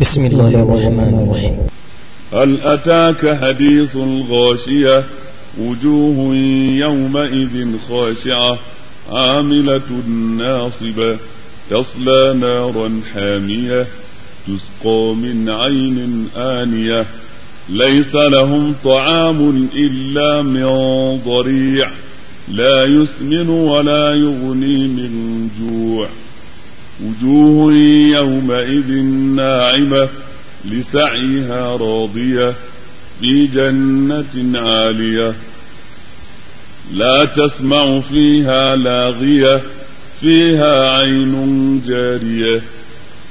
بسم الله الرحمن الرحيم هل أتاك حديث الغاشية وجوه يومئذ خاشعة عاملة ناصبة تصلى نارا حامية تسقى من عين آنية ليس لهم طعام إلا من ضريع لا يسمن ولا يغني من جوع وجوه يومئذ ناعمة لسعيها راضية في جنة عالية لا تسمع فيها لاغية فيها عين جارية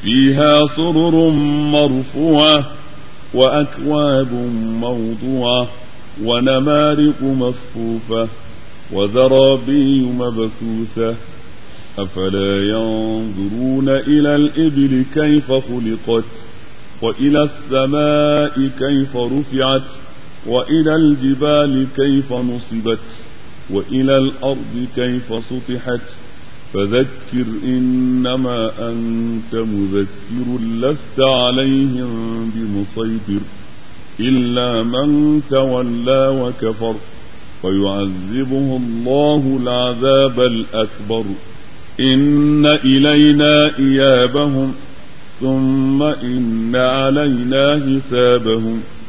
فيها سرر مرفوعة وأكواب موضوعة ونمارق مصفوفة وزرابي مبثوثة أفلا ينظرون إلى الإبل كيف خلقت وإلى السماء كيف رفعت وإلى الجبال كيف نصبت وإلى الأرض كيف سطحت فذكر إنما أنت مذكر لست عليهم بمسيطر إلا من تولى وكفر فيعذبه الله العذاب الأكبر إن إلينا إيابهم ثم إن علينا حسابهم